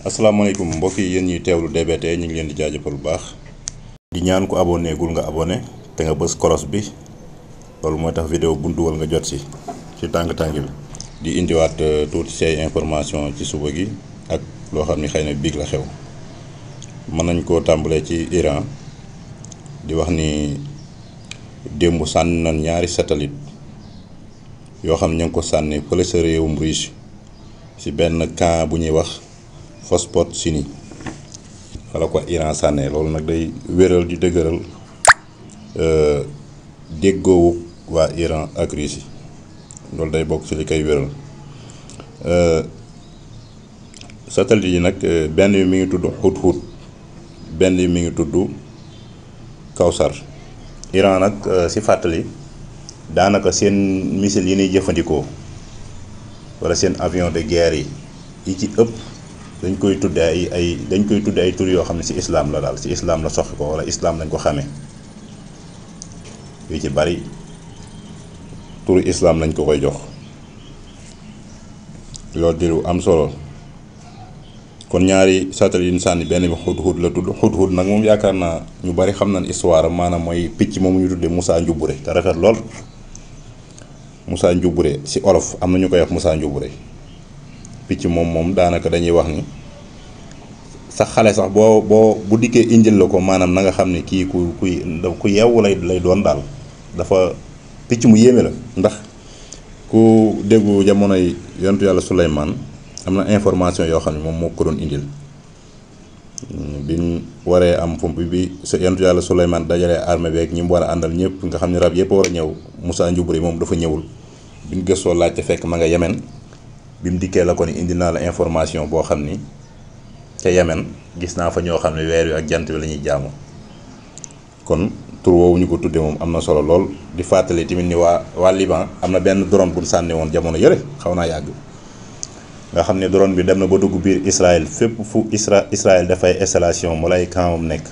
Assalamualaikum, mbokk yi yéen ñuy teewlu DBT ñu ngi leen di jaajëfal bu baax. di ñaan ku abonné gul nga abonné te nga bës kolos bi loolu mooy tax vidéo bu dugal nga jot si ci tàng tàng bi. di indiwaat euh, tuuti say information ci suba gi ak loo xam ni xëy na biig la xew mën nañ koo tàmbalee ci Iran di wax ni démb sànni nañ ñaari satellite yoo xam ñu ko sànni fële sa réewum ci benn camp bu ñuy wax phosphate sini wala ko Iran sànnee loolu nag day wéral di dëgëral euh, déggoowu wa Iran ak Russie loolu day bok ci li koy wéral euh, satellite yi nag euh, benn bi mi ngi tuddu xut xut benn mi ngi tuddu kawsar Iran nag si fàttali daanaka sen missile yi ñuy jëfandikoo wala sen avion de guerre yi yi ci ëpp dañ koy tudde ay ay dañ koy tudde ay tur yoo xam ne si islaam la daal si islaam la soxi ko walla islaam lañ ko xamee yu ci bari turu islaam lañ ko jox loolu di lu am solo kon ñaari satellite yu ñu sànni benn bi xut-xut la tudd xut-xut nag moom yaakaar naa ñu bari xam nañ histoire am maanaam mooy picc moom ñu tuddee Moussa Ndioubouré te rafet lool Moussa Ndioubouré si olof am na ñu koy wax Moussa Ndioubouré picc moom moom daanaka dañuy wax ni sax xale sax boo boo bu dikkee injil la ko maanaam na nga xam ne kii ku kuy ku yeewu lay lay doon daal dafa picc mu yéeme la ndax ku déggu jamonoy yontu yàlla Suleymaan am na information yoo xam ne moom moo ko doon indil hmm, biñ waree am fump bi sa yontu yàlla Suleymaan dajalee armée beeg ñi mu war a àndal ñëpp nga xam ni rab yëpp war a ñëw Moussa Njubur yi moom dafa ñëwul biñ gëstoo laajte fekk ma nga yemen Bim dikelakoni dikkee la ni indi naa la information boo xam ni ca Yemen gis naa fa ñoo xam ne weer ak jant bi la ñuy jaamu kon tur woowu ñu ko tuddee moom am na solo lool di fàttali tamit ni waa waa Liban am na benn drone bu sànni woon jamono yële xaw naa yàgg nga xam ne drone bi dem na ba dugg biir Israël fépp fu Isra Israël dafay installation mu lay kaamam nekk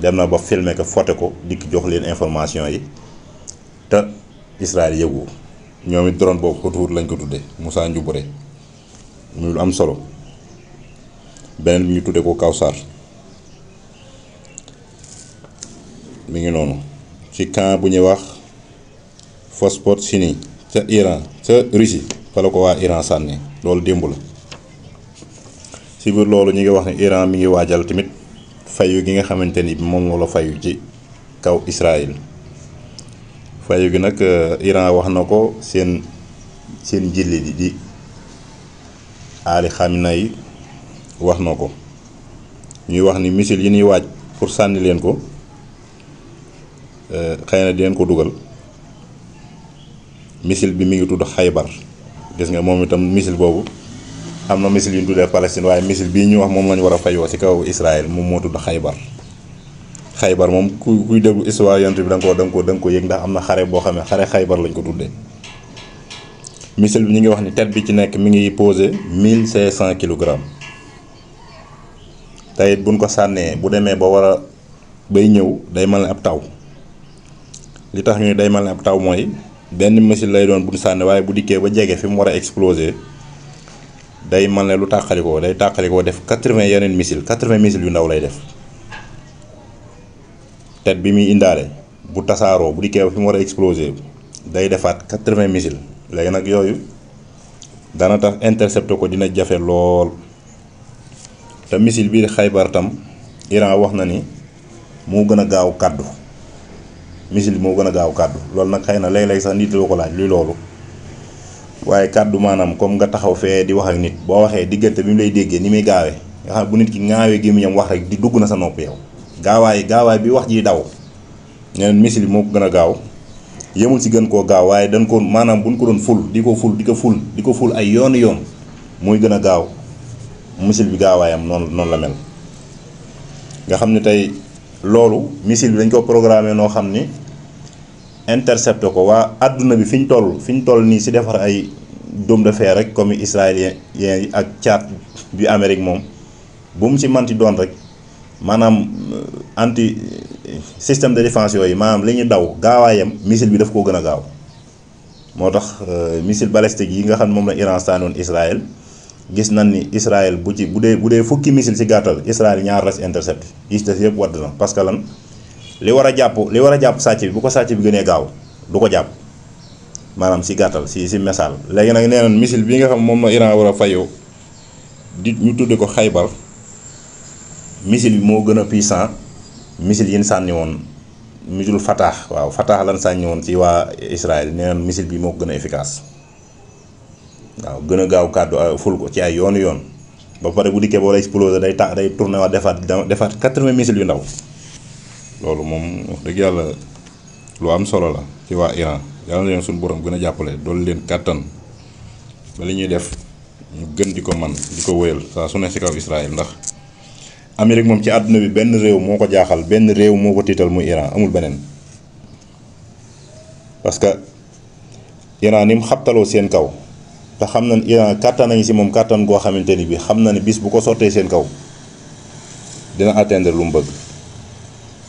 dem na ba filmé ko foté ko dikk jox leen information yi te Israël ñoom it drone boobu xutuwut lañ ko tuddee Moussa Ndioubure muy am solo ben bi ñu tuddee ko Kawsar mi ngi noonu ci camp bu ñuy wax phosphore sini ca Iran ca Russie fa ko wa Iran sanni loolu démb la si biir loolu ñu ngi wax ni Iran mi ngi wajal timit fayu gi nga xamanteni mom moom la fayu ci kaw Israël. fayu gi nag euh, Iran wax na ko seen seen jilli di Ali Khamenei wax na ko ñuy wax ni missile yi nuy waaj pour sànni leen ko euh, xëy na di leen ko dugal misil bi mu ngi tudd xaybar gis nga moom itam missile boobu am na missile yu ñu tuddee Palestine waaye missile bii ñu wax moom lañu war a fayoo ci kaw Israël moom moo tudd xaybar xaybar moom ku kuy déglu histoire yonent bi da nga koo da koo da nga ko yëg ndax am na xare boo xam ne xare xaybar lañ ko tuddee missile bi ñu ngi wax ni tête bi ci nekk mu ngi posé mille cinq cent kilogrammes te it buñ ko sànnee bu demee ba war a bay ñëw day mel ne ab taw li tax ñu ne day mel ni ab taw mooy benn missile lay doon bu buñ sànni waaye bu dikkee ba jege fi mu war a exploser day mel ne lu tàqalikoo day tàqalikoo def quatre-vingts yeneen missile quatre-vingts missiles yu ndaw def tet bi mi indaale bu tassaro bu dikkee fi mo wara exploser day defat 80 missiles missile nak yoyu dana tax intercepter ko dina jafe lol ta missile bir khaybar tam Iran wax na ni mo gëna gaaw kaddu missile mo gëna gaaw kaddu lol nak xeyna na lay sax nit lu ko laaj luy lolou waye kaddu manam comme nga taxaw fe di wax ak nit bo waxe digënté bimu lay déggé ni mi gaawé nga xam bu nit ki ŋaawee ñam wax rek di dugg na sa nopp yow. gaawaay gaawaay bi wax ji daw ñeneen missile bi moo ko gën a gaaw yemul si gën koo gaaw waaye dañ ko maanaam buñ ko doon ful di ko ful di ko ful di ko ful ay yoon yoon mooy gën a gaaw missile bi gaawaayam noonu noonu la mel nga xam ne tey loolu missile bi dañ ko programmé noo xam ni intercepté ko waa àdduna bi fi ñu toll fi ñu toll nii si defar ay dôme de fer rek comme israélien yi ak caat bi Amérique moom bu mu ci manti doon rek manam euh, anti système de défense yoy manam liñu daw gawayam missile bi daf ko gëna a motax euh, missile balistique yi nga xam mom la Iran sànnoon Israël gis nan ni Israël bu ci budé budé fukki missile si gatal Israël ñaar la intercept gis def yeb wad na parce que lan li wara a li wara japp sacc bi bu ko sacc bi gënee gaw du ko japp manam si gatal si ci message légui nak missile bi nga xam mom la Iran wara fayo di ñu tuddé ko khaybar misil bi moo gën puissant misil yi sanni won misil fatah waaw fatah lan sanni won ci wa Israël neen misil bi mo gëna efficace waaw gëna gaaw kaddu euh, ful ko ci ay yoon yoon ba pare bu diké bo lay explosé day tax day tourner wa defat defat 80 misil yu ndaw lolu mom wax deug yalla lu am solo la ci wa Iran yalla na leen suñu borom gëna jappalé jàppale leen katan ba li ñuy def ñu gën diko man diko ko sa su ne ci kaw Israël ndax Amérique moom ci àdduna bi benn réew moo ko jaaxal benn réew moo ko tiital muy Iran amul beneen parce que Iran ni mu xabtaloo seen kaw te xam na Iran kàttan nañ si moom kàttan goo xamante ni bi xam na ne bis bu ko sottee seen kaw dina atteindre lu mu bëgg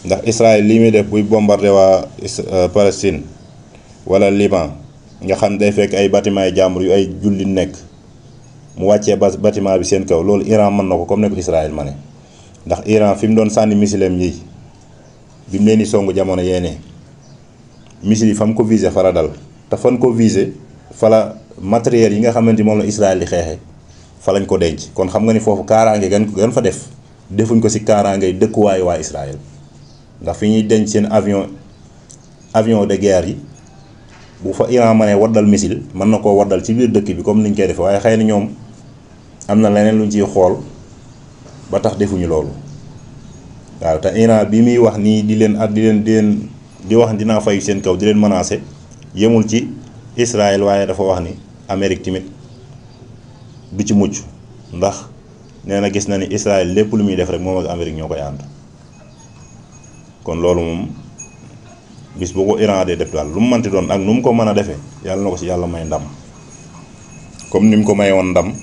ndax Israël li muy def buy bombardé waa Palestine wala Liban nga xam day fekk ay bâtiment yu jàmbur yu ay julli nekk mu wàccee bâtiment bi seen kaw loolu Iran mën na ko comme ne Israël ma ne ndax Iran fi mu doon sànni misileem yi bi mu leen di songu jamono yéene misil yi fa mu ko visé fa la dal te fan ko visé fa la matériel yi nga xamante moom la Israël di xeexe fa lañ ko denc kon xam nga ni foofu kaaraange gan gan fa def defuñ ko si kaaraange dëkkuwaayu waa Israël ndax fi ñuy denc seen avion avion de guerre yi bu fa Iran mënee waddal missile mën na koo waddal ci biir dëkk bi comme niñ koy def waaye xëy na ñoom am na leneen luñ ciy xool. ba tax defuñu loolu waaw te Iran bi muy wax nii di leen ak di leen di leen di wax dinaa fay seen kaw di leen menacer yemul ci Israël waaye dafa wax ni Amérique tamit du ci mucc ndax nee na gis na ni Israël lépp lu muy def rek moom ak Amérique ñoo koy ànd kon loolu moom bis bu ko Iran dee def daal lu mu mënti doon ak nu mu ko mën a defee yàlla na ko ci yàlla may ndam comme ni mu ko woon ndam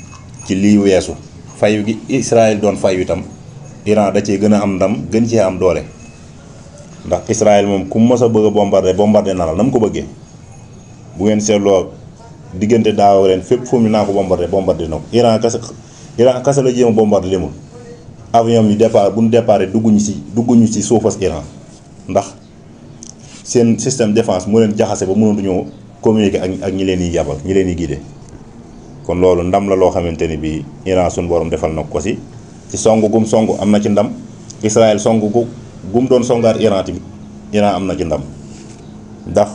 ci lii weesu. fayu gi Israël doon fayu itam Iran da cee gën a am ndam gën cee am doole ndax Israël moom ku mos a bëgg a bombardé bombardé na mu ko bëggee bu ngeen seetloo diggante daaw ren fépp fu mu naa ko bombardé bombardé na ko Iran kasa Iran kasa la jéem a bombardé limul avion yi départ bu ñu départ dugguñu si dugguñu si suufas Iran ndax seen système défense moo leen jaxase ba mënatuñoo communiquer ak ak ñi leen yi yabal ñi leen yi guidé kon loolu ndam la loo xamante ni bii Iran suñu borom defal na ko si ci songu gum songu am na ci ndam Israël song gu gum doon songaat Iran tamit Iran am na ci ndam ndax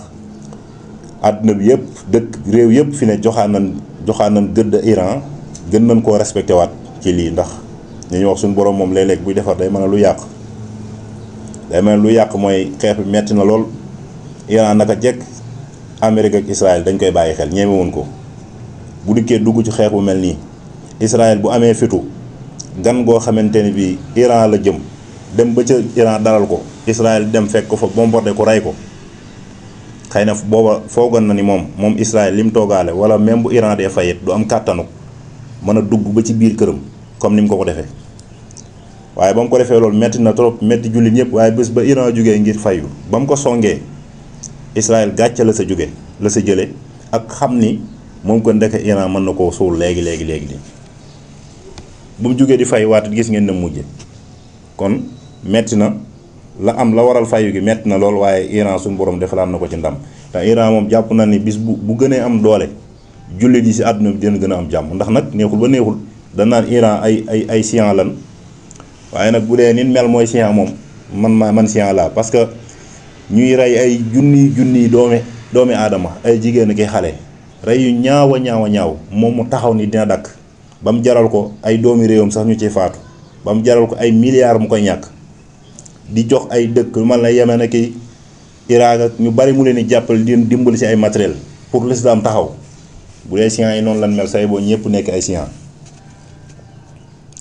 àdduna bi yëpp dëkk réew yëpp fi ne joxaan nañ joxaan nañ gëdd Iran gën nañ koo respecté waat ci lii ndax ñu wax suñu borom moom léeg-léeg buy defar day mën a lu yàq day mën a lu yàq mooy xeex bi metti na lool Iran naka jekk Amérique ak Israël dañ koy bàyyi xel ñeemewuñ ko. bu dikkee dugg ci xeex bu mel nii Israël bu amee fitu gan goo xamante ni bii Iran la jëm dem ba ca Iran dalal ko Israël dem fekk ko fa bombardé ko rey ko xëy na booba foogoon na ni moom moom Israël li mu toogaale wala même bu Iran dee fayet du am kàttanu mën a dugg ba ci biir këram comme ni mu ko ko defee waaye ba mu ko defee loolu metti na trop metti jullit ñëpp waaye bés ba Iran jógee ngir fayu ba mu ko songee Israël gàcce la sa jóge la sa jële ak xam ni moom kon ndeke Iran mën na koo suul léegi léegi léegi li bu mu jógee di fay waat gis ngeen na mujje kon metti na la am la waral fayu gi metti na lool waaye Iran suñu borom defalaat na ko ci ndam te Iran moom jàpp na ni bis bu bu gënee am doole jullit yi si àdduna bi dina gën a am jàmm ndax nag neexul ba neexul danaan Iran ay ay ay sian lan waaye nag bu dee nit mel mooy sian moom man ma man sian laa parce que ñuy rey ay junni junniy doomi doomi aadama ay jigéen ak xale rey yu ñaaw a ñaaw a ñaaw moom mu taxaw ni dina dakk ba mu jaral ko ay doomi réewam sax ñu ciy faatu ba mu jaral ko ay milliards mu koy ñàkk di jox ay dëkk man la Yemen ak Irak ñu bari mu leen di jàppale di dimbali ci ay matériel pour l'islam taxaw bu dee siyan yi noonu lan mel say boo ñëpp nekk ay siyan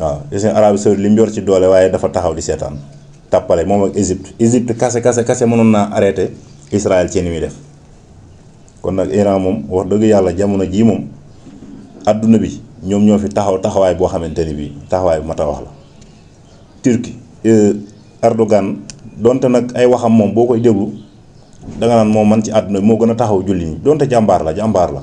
waaw des Arabie li mu yor ci doole waaye dafa taxaw di seetaan tappale moom ak Égypte Égypte kase kase kase mënoon naa arrêté Israël ci ni muy def kon nak Iran mom wax deug yalla jamono ji mom aduna bi ñom ñoo fi taxaw taxaway bo xamanteni bi taxaway mata bu wax la. Turki euh, Erdogan donte nak ay waxam mom boo deglu moman da nga nan mom man ci aduna mo gëna taxaw julli ni donte jambar la jambar la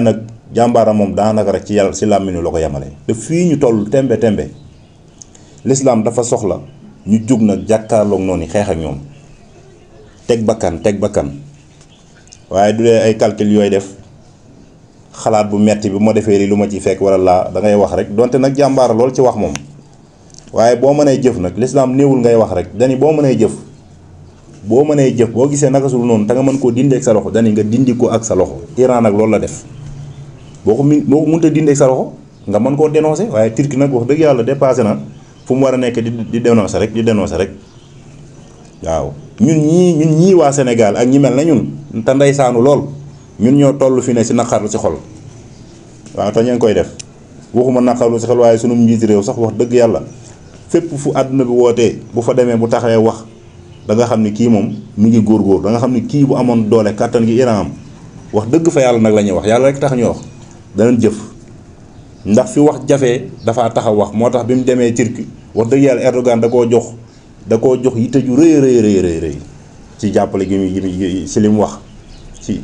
nak jambaram mom da daanaka rek ci yalla ci làmmiñu lu ko yamale de fi ñu tollu tembe tembe l'islam dafa soxla ñu jug nag jàkkaarloog noni xex ak ñom tek bakan tek bakan waaye du dee ay calcul yooy def xalaat bu metti bi ma defee lii lu ma ci fekk wala laa dangay wax rek donte nag jàmbaar loolu ci wax moom waaye boo mënee jëf nag lislaam néewul ngay wax rek dani boo mënee jëf boo mënee jëf boo gisee naka noonu te nga mën koo dindi ak sa loxo dani dindi ko ak sa loxo Iran loolu la def boo ko mi boo ko mënta dindi ak sa loxo nga mën koo dénoncé waaye Turquie nag wax dëgg yàlla dépassé na fu mu war a nekk di di dénoncé rek di dénoncé rek. waaw ñun ñii ñun ñii waa Sénégal ak ñi mel na ñun te ndeysaanu lool ñun ñoo toll fi ne si naqarlu si xol waaw te ñu ngi koy def waxuma naqarlu si xol waaye sunu njiit réew sax wax dëgg yàlla fépp fu àdduna bi wootee bu fa demee bu taxawee wax da nga xam ni kii moom mi ngi góor da nga xam ni kii bu amoon doole kàttan gi Iran am wax dëgg fa yàlla nag la ñuy wax yàlla rek tax ñu wax dana jëf ndax fi wax jafe dafaa taxaw wax moo tax bi mu demee Turquie wax dëgg yàlla Erdogan koo jox. da koo jox yitte ju rëy rëy rëy rëy ci jàppale gi muy gi si li mu wax ci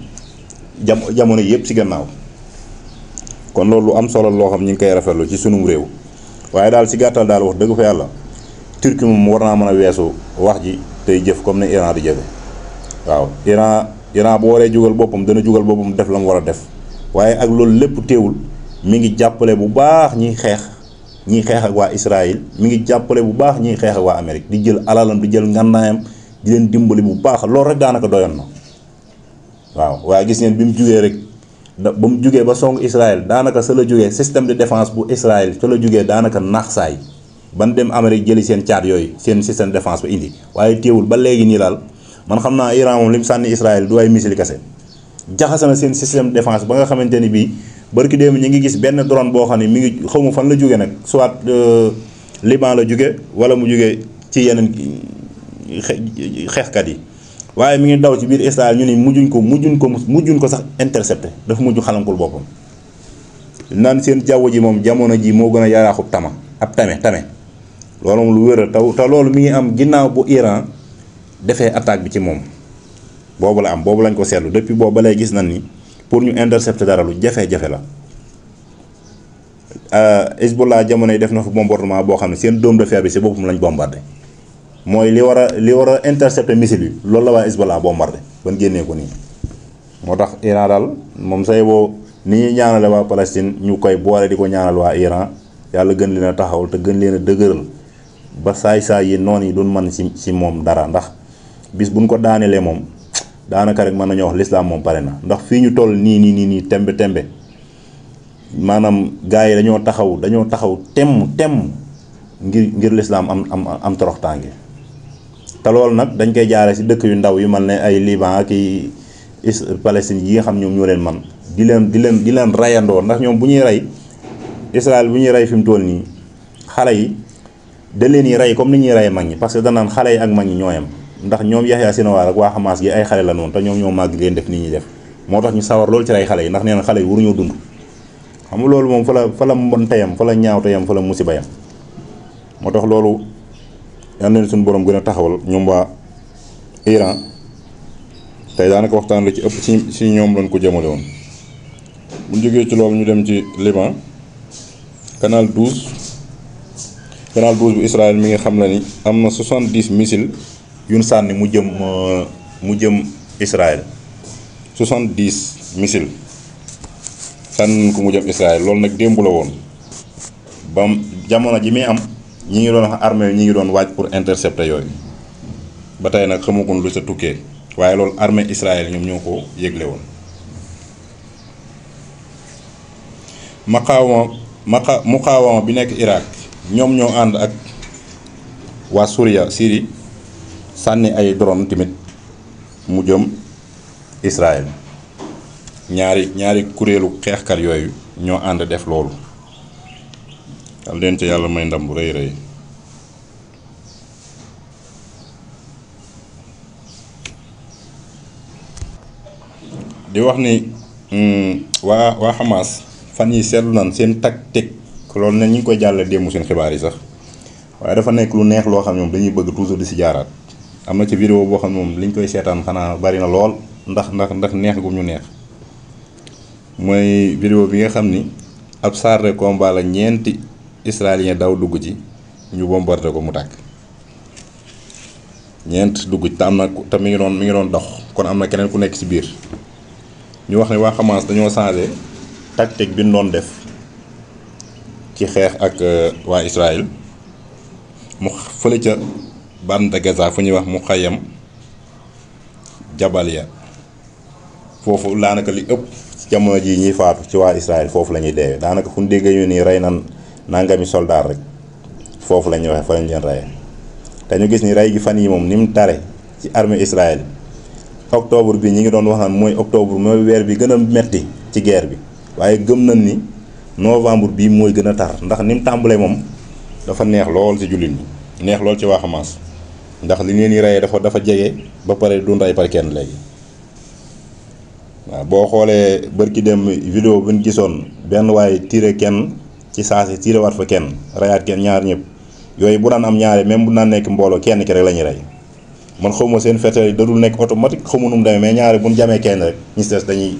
jam jamono yëpp ci gannaaw kon loolu am solo loo xam ñu ngi koy rafetlu ci sunum réew waaye daal si gàttal daal wax dëgg fa yàlla turki moom war naa mën a weesu wax ji tey jëf comme ne Iran di jëfe waaw Iran Iran bu waree jugal boppam dana jugal boppam def la mu war a def waaye ak loolu lépp teewul mi ngi jàppale bu baax ñiy xeex. ñiy xeex ak waa Israël mi ngi jàppale bu baax ñiy xeex ak waa Amérique di jël alalam di jël ngànnaayam di leen dimbali bu baax loolu rek daanaka doyoon na waaw waaye gis neen bi mu jugee rek da ba mu jugee ba song Israël daanaka sa la jugee système de défense bu Israël sa la daanaka naax saay ban dem Amérique jëli seen caat yooyu seen système de défense ba indi waaye téewul ba léegi nii laal man xam naa Iran moom li mu sànni Israël du ay missile kese jaxase na seen système de ba nga xamante bii. barki démb ñu ngi gis benn drone boo xam ne mu ngi xaw ma fan la jóge nag soit euh, Liban la jóge wala mu jóge ci yeneen xeexkat yi waaye mi ngi daw ci biir Israël ñu ni mujjuñ ko mujjuñ ko mujjuñ ko sax intercepté dafa mujj xalankul boppam naan seen jaww ji moom jamono ji moo gën a yaraaxub tama ab tame tame loolu moom lu wér a taw te loolu mi ngi am ginnaaw bu Iran defee attaque bi ci moom boobu la am boobu lañ ko seetlu depuis boobu ba gis nañ ni pour ñu intercepter dara lu jafe-jafe la euh, Hezbollah jamono yi def na fa bombardement boo xam ne seen dôme de fer bi si boppam lañ bombardé mooy li war a li war a intercepter missile bi loolu la waa Hezbollah bombardé ban génnee ko nii. moo tax Iran daal moom say boo ni ñuy ñaanale waa Palestine ñu koy boole di ko ñaanal waa Iran yàlla gën leen a taxawal te gën leen a dëgëral ba saay-saay yi noonu yi duñ mën si si moom dara ndax bis bu buñ ko daanelee moom. daanaka rek mën nañoo wax l'islam moom pare na ndax fii ñu toll nii nii nii nii tembe tembe maanaam gars yi dañoo taxaw dañoo taxaw temm temm ngir ngir l'islam am am am toroxtaange te loolu nag dañ koy jaare si dëkk yu ndaw yu mel ne ay Liban ak i Palestine yi nga xam ñoom ñoo leen man di leen di leen di leen rayandoo ñoom bu ñuy rey Israël bu ñuy rey fi mu toll nii xale yi da leen yi rey comme ni ñuy rey mag ñi parce danaan xale yi ak mag ñi ñooyam ndax ñom Yahya Sinawar ak wa Hamas gi ay xalé la non ta ñom ñoo mag leen def ni ñi def moo tax ñu sawar lol ci rey xalé ndax neena xalé xale yi dund xam nga loolu moom fa la fa la mbonteyam fa la ñaawteyam fa la musiba yam moo tax loolu yal na suñu borom gëna taxawal ñom waa Iran tay tey daanaka waxtaan lu ci ëpp ci ci ñom lañ ko jëmale won bu jógee ci loolu ñu dem ci Liban canal 12 canal 12 bu Israël mi nga xam la ni amna 70 missiles yun sànni mu jëm euh, mu jëm Israël soixante-dix missile sànni ko mu jëm Israël loolu nag démb la woon ba jamono ji muy am ñi ngi doon wax armée ñi ngi doon waaj pour intercepter yooyu ba tey nag xamaguñ lu sa tukkee waaye loolu armée Israël ñoom ñoo ko yëgle woon maqaawama mu muqaawama bi nekk Irak ñoom ñoo ànd ak waa Suria Syrie sànni ay drone tamit mu jëm Israël ñaari ñaari kuréelu xeexkat yooyu ñoo ànd def loolu yal leen ci yàlla may ndam bu rëy di wax ni mm, waa waa Hamas fan yi seetlu naan seen tactique loolu ne ñu ngi koy jàllale démb seen xibaar yi sax waaye dafa nekk lu neex loo xam ñoom dañuy bëgg toujours di si jaaraat am na ci vidéo boo xam ne moom liñ koy seetaan xanaa bari na lool ndax ndax ndax neex gu ñu neex mooy vidéo bi nga xam ni ab char de combat la ñeenti israélien daw dugg ci ñu bombardé ko mu tàkk ñeent dugg ci te am na te mi ngi doon mi ngi doon dox kon am na keneen ku nekk ci biir ñu wax ne waa Hamas dañoo changé tactique bi ñu doon def ci xeex ak euh, waa Israël mu fële ca. bande Gaza fu ñuy wax mu xayam jabal ya foofu daanaka li ëpp ci jamono ji ñuy faatu ci waa Israël foofu la ñuy deewee daanaka fu ñu déggee ñu nii rey na nangami soldaar rek foofu la ñuy waxee fa lañ leen reyee te ñu gis ni rey gi fan yi moom ni mu tare ci armée Israël octobre bi ñi ngi doon wax mooy octobre mooy weer bi gën a metti ci guerre bi waaye gëm na ni novembre bii mooy gën a tar ndax ni mu tàmbalee moom dafa neex lool ci jullit ñi neex lool ci waa Hamas ndax li leen yi reyee dafa dafa jege ba pare dun rey par kenn léegi waaw boo xoolee bërki dem vidéo bu ñu gisoon benn waaye tiire kenn ci saa si tiirewaat fa kenn reyaat kenn ñaar ñëpp yooyu bu naan am ñaare même bu daan nekk mbooloo kenn ki rek la ñuy rey man xawma seen fetal yi dadul nekk automatique xawma nu mu demee mais ñaare bu ñu jamee kenn rek ñu dañuy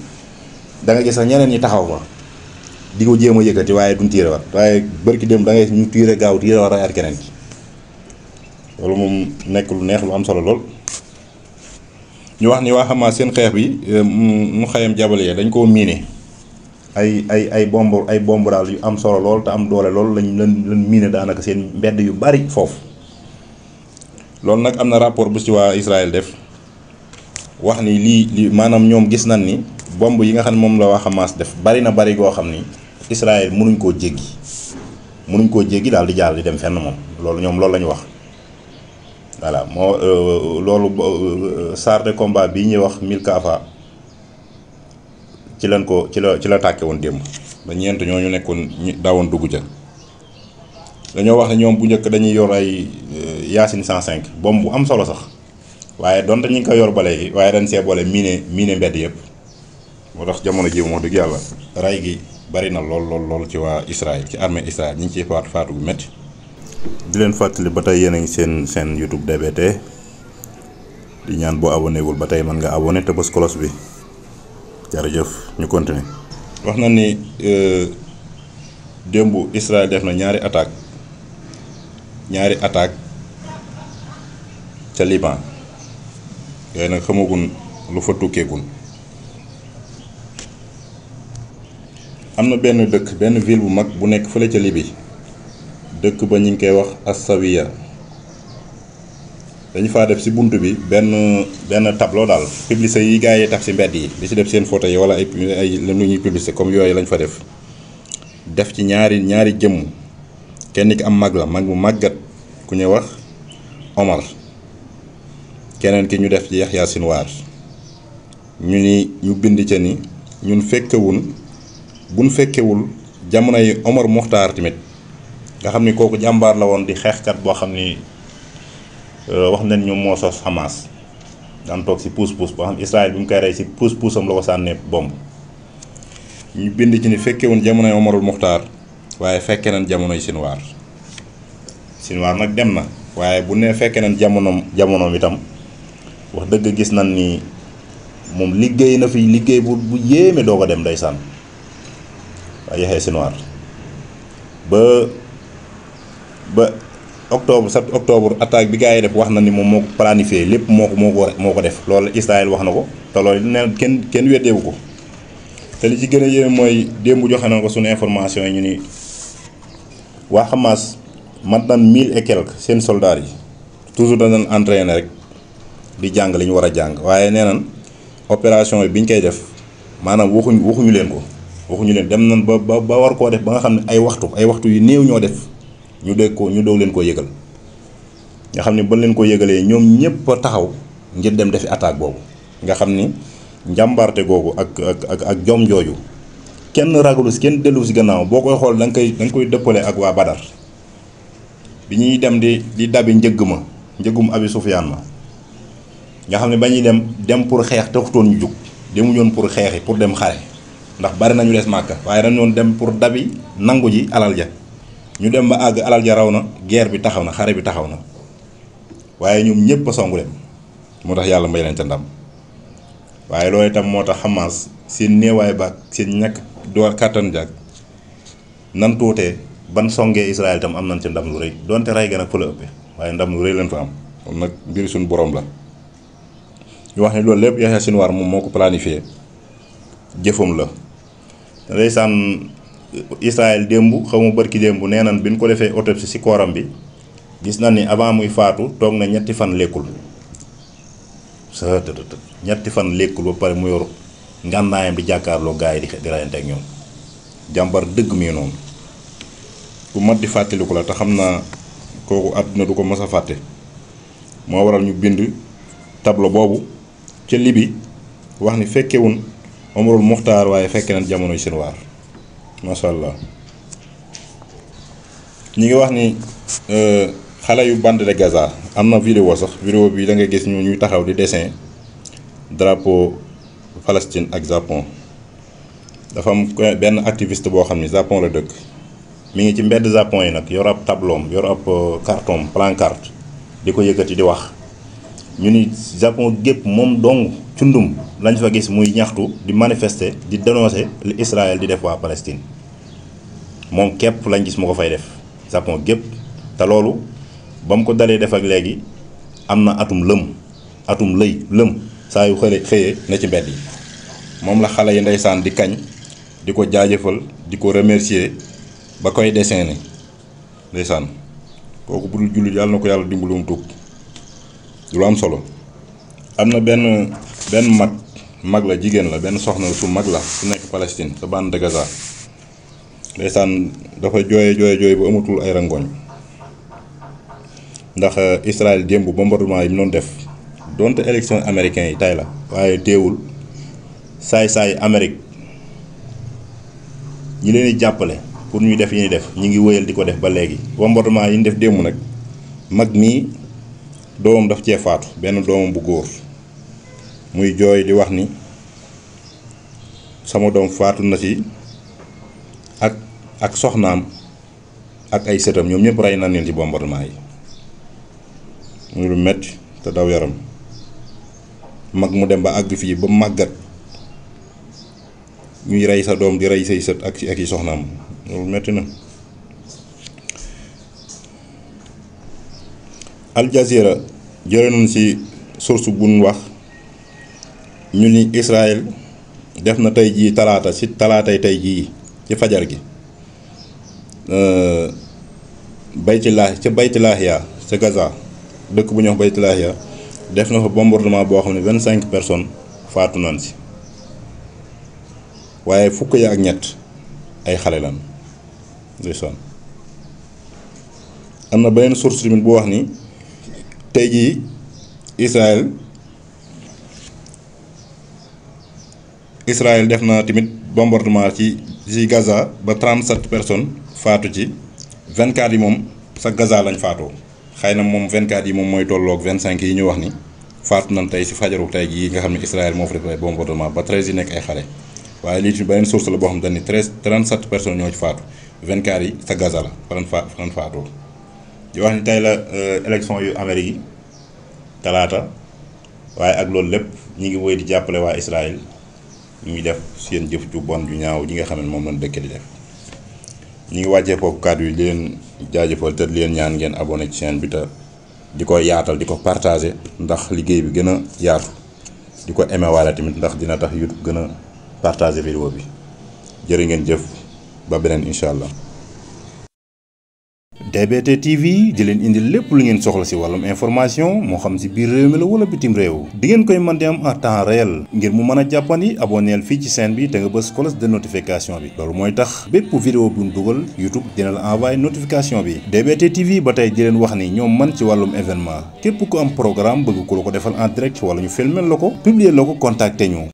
da nga gis sax ñeneen ñi taxaw fa di ko jéem a yëkkati waaye duñ tiirewaat waaye bërki dem da ngay ñu tiire gaaw tiirewaat reyaat keneen ki lolu mom nek lu neex lu am solo lol ñu wax ni wa xama seen xex bi eh, mu xayam jabal ya dañ ko miné ay ay ay bombo ay bombo dal yu am solo lol ta am doole lol lañ lañ miné da naka seen mbedd yu bari fof lol nak am na rapport bu ci wa Israël def wax ni li li manam ñom gis nañ ni bombo yi nga xam mom la wa Hamas def bari na bari go xamni ni Israël mënuñ ko jéggi mënuñ ko jéggi dal di jaar di dem fenn mom loolu ñom loolu lañ wax voilà moo euh, euh, loolu sarde euh, de combat bii ñuy wax Milkafa ci lañ ko ci la ci la tàkke woon démb ba ñeent ñooñu nekkoon ñu daawoon dugg ca dañoo wax ne ñoom bu njëkk dañuy yor ay Yaasin 105 bomb bu am solo sax waaye donte ñu ngi koy yor bale léegi waaye dañ see boole miine miine mbedd yëpp moo tax jamono ji wax dëgg yàlla rey gi bari na lool lool lool ci waa Israël ci armée Israël ñu ngi ciy faatu faatu gu métti. di len fatali batay yene sen youtube dbt di ñaan bo abonné wul batay man nga abonné te bës cloche bi jërëjëf ñu continue wax na ni euh, dembu israël def na ñaari attaque ñaari attaque ca liban yooyu nag xamagun lu fa tukkeegun gun amna benn dëkk benn ville bu mag bu nekk fële ca libye dëkk ba ñu ngi koy wax Assawiya dañu faa def si bunt bi benn benn tableau daal publicité yi gars yi taf si mbedd yi di si def seen photo yi wala ay ay lu ñuy publicité comme yooyu lañ fa def def ci ñaari ñaari jëmm kenn ki am mag la mag bu màggat ku ñuy wax Omar keneen ki ñu def ci Yaxya waar ñu ni ñu bind ca ni ñun fekkewul buñ fekkewul jamono Omar Moxtaar tamit nga xam ni kooku jàmbaar la woon di xeexkat boo xam ni euh, wax nañ ñu moo sos Hamas daan toog si puus puus boo xam Israël bi mu koy rey si puus puusam la ko sànnee bomb ñu bind ci ni fekkewuñ jamonoy Omarul Muxtaar waaye fekke nañ jamonoy Sinwaar nag dem na waaye bu ne fekkee nañ jamonoom jamonoom itam wax dëgg gis nañ ni moom liggéey na fi liggéey bu bu yéeme doo ko dem ndeysaan waaye yaxee Sinwaar ba octobre set octobre attaque bi gars yi def wax na ni moom moo ko planifié lépp moo ko moo ko moo ko def loolu Israël wax na ko te loolu nee kenn kenn weddeewu ko te li ci gën a yéeme mooy démb joxe na ko suñu information yi ñu ni waa Hamas mat nañ mille seen soldats yi toujours danañ entraîné rek di jàng li war a jàng waaye nee nañ opération bi biñ koy def maanaam waxuñ waxuñu leen ko waxuñu leen dem nañ ba ba war koo def ba nga xam ne ay waxtu ay waxtu yu néew ñoo def. ñu dégg ko ñu doog leen koo yëgal nga xam ne ba leen ko yëgalee ñoom ñëpp a taxaw ngir dem defi attaque boobu nga xam ni njàmbaarte googu ak ak ak jom jooju kenn ragalu si kenn dellu si gannaaw boo koy xool danga koy da koy dëppale ak waa Badar bi ñuy dem di di dabi njëgg ma njëggum Abi Sufyaan ma nga xam ne ba ñuy dem dem pour xeex taxutoon ñu jug demu ñoon pour xeexi pour dem xare ndax bari nañu des màkka waaye dañu noonu dem pour dabi nangu ji alal ja ñu dem ba àgg alal ja raw na guerre bi taxaw na xare bi taxaw na waaye ñoom ñëpp a songu leen moo tax yàlla may leen ca ndam waaye loolu itam moo tax Hamas seen néewaay baag seen ñàkk door kàttan jaag nan tuutee ban songee Israël itam am nañ ca ndam lu rëy donte rey gën a fële ëppee waaye ndam lu rëy leen fa am kon nag mbiri suñu borom la ñu wax ne loolu lépp Yahya Sinwar moom moo ko planifié jëfam la ndeysaan Israël démb xaw ma barki démb nee nan bi ñu ko defee autopsie ci kooram bi gis na ni avant muy faatu toog na ñetti fan lekkul sa ñetti fan lekkul ba pare mu yor ngànnaayam di jàkkaarloo gars yi di di rayante ak ñoom jàmbar dëgg mi noonu ku mat di fàttaliku la te xam naa kooku àdduna du ko mës fàtte moo waral ñu bind tableau boobu ca Libi wax ni fekkewun Omarul Muxtaar waaye fekke nañ jamonoy seen Nous avons ñi ngi wax ni euh, bande de Gaza am na vidéo sax vidéo bi da nga gis ñu taxaw dessin drapeau Palestine ak Japon dafa am benn activiste boo xam Japon la dëkk mi ngi ci mbedd Japon yi nag yor ab des euh, carton pancarte di ko di wax ñu ni Japon dong lañ fa muy di manifester di dénoncer Israël di def Palestine moom képp lañ gis mu ko fay def japon gépp te loolu ba mu ko dalee def ak léegi am na atum lëm atum lëy lëm saa yu xële xëyee na ci mbedd yi moom la xale yi ndeysaan di kañ di ko jaajëfal di ko remercier ba koy dessiné ndeysaan kooku budul jullit yàlla na ko yàlla dimbali mu tuub lu am solo am na benn benn mag mag la jigéen la benn soxna su mag la su nekk Palestine sa bande de ndeysaan dafa jooye jooye jooye bu amatul ay rangoñ ndax euh, Israël démb bombardement yi mu doon def donte élection américain yi tay la waaye teewul saay-saay Amérique ñi leen di jàppale pour ñuy def yi ñuy def ñu ngi wëyal di ko def ba léegi bombardement yi ñu def démb nag mag nii doomam daf cee faatu benn doomam bu góor muy jooy di wax ni sama doom faatu na ci ak ak soxnaam ak ay setam ñoom ñëpp rey nañ leen ci bombardement yi muy lu metti te daw yaram mag mu dem ba àgg fii ba màggat ñuy rey sa doom di rey say sët ak ci ak soxnaam loolu metti na Al Jazeera jëlee nañ ci source bu ñu wax ñu ni Israël def na tey jii talaata ci talaatay tey jii ci fajar gi Euh, baytilaax ca baytilaax yaa ca Gaza dëkk bu ñuy wax baytilaax yaa def na fa bombardement boo xam ne vingt cinq personnes faatu nañ si waaye fukk ya ak ñett ay xale lan am na beneen source tamit bu wax ni tey jii Israël Israël def na tamit bombardement ci ci Gaza ba trente sept personnes faatu ci 24 yi mom sa Gaza lañ faatoo xëy mom 24 yi moom mooy tolloog 25 yi ñu wax ni faatu nañ tay ci fajaru tay gi nga xamni Israël mo fa def ay bombardement ba 13 yi nek ay xale waye li ci benen source la bo xam ne 13 37 personnes ñoo ci faatu 24 yi sa Gaza la fa lañ fa fa lañ faatoo di wax ni tay la élection yu Amérique talata waye ak lool lépp ñi ngi woy di jàppale wa Israël ñi def seen jëf ju bon ju ñaaw ñi nga xamne mom lañ dekk di def ñu ngi wàccee foofu kàddu yi di leen jaajëfal te di leen ñaan ngeen abonné ci chaîne bi te di ko yaatal di ko partagé ndax liggéey bi gën a yaatu di ko aimé waale tamit ndax dina tax YouTube gën a partagé vidéo bi jërë ngeen jëf ba beneen incha allah. TBT TV di leen indi lépp lu ngeen soxla ci wàllum information moo xam ci biir réew mi la wala bitim réew di ngeen koy man di am en temps ngir mu mën a jàppandi abonneel fii ci seen bi te nga bës cloche de notification bi loolu mooy tax bépp vidéo bu dugal YouTube dina la envoyé notification bi DBT TV ba tey di leen wax ni ñoom man ci wàllum événement képp ku am programme bëgg ku la ko defal en direct wala ñu filmer la ko publier la ko contacter ñu.